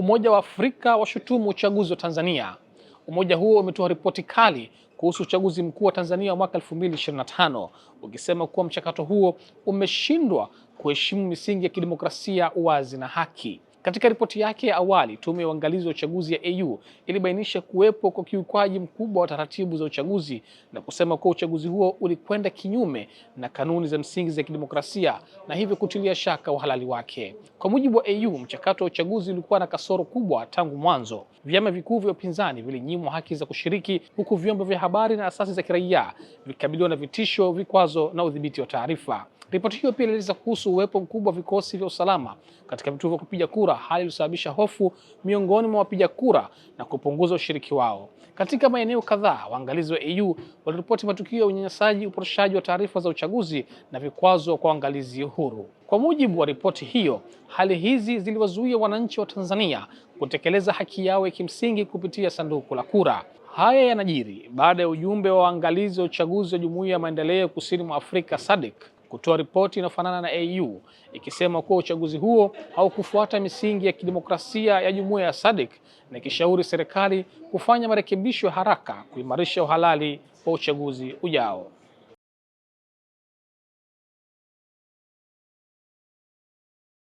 Umoja wa Afrika washutumu uchaguzi wa Tanzania. Umoja huo umetoa ripoti kali kuhusu uchaguzi mkuu wa Tanzania wa mwaka 2025 ukisema kuwa mchakato huo umeshindwa kuheshimu misingi ya kidemokrasia, uwazi na haki. Katika ripoti yake ya awali, tume ya uangalizi wa uchaguzi ya AU ilibainisha kuwepo kwa kiukwaji mkubwa wa taratibu za uchaguzi na kusema kuwa uchaguzi huo ulikwenda kinyume na kanuni za msingi za kidemokrasia na hivyo kutilia shaka uhalali wake. Kwa mujibu wa AU, mchakato wa uchaguzi ulikuwa na kasoro kubwa tangu mwanzo. Vyama vikuu vya upinzani vilinyimwa haki za kushiriki, huku vyombo vya habari na asasi za kiraia vikikabiliwa na vitisho, vikwazo na udhibiti wa taarifa. Ripoti hiyo pia ilieleza kuhusu uwepo mkubwa wa vikosi vya usalama katika vituo vya kupiga kura, hali iliyosababisha hofu miongoni mwa wapiga kura na kupunguza ushiriki wao. Katika maeneo kadhaa, waangalizi wa EU waliripoti matukio ya unyanyasaji, upotoshaji wa taarifa za uchaguzi na vikwazo kwa waangalizi huru. Kwa mujibu wa ripoti hiyo, hali hizi ziliwazuia wananchi wa Tanzania kutekeleza haki yao ya kimsingi kupitia sanduku la kura. Haya yanajiri baada ya ujumbe wa waangalizi wa uchaguzi wa Jumuiya ya Maendeleo Kusini mwa Afrika SADC kutoa ripoti inayofanana na AU ikisema kuwa uchaguzi huo haukufuata misingi ya kidemokrasia ya jumuiya ya SADC na ikishauri serikali kufanya marekebisho haraka kuimarisha uhalali wa uchaguzi ujao.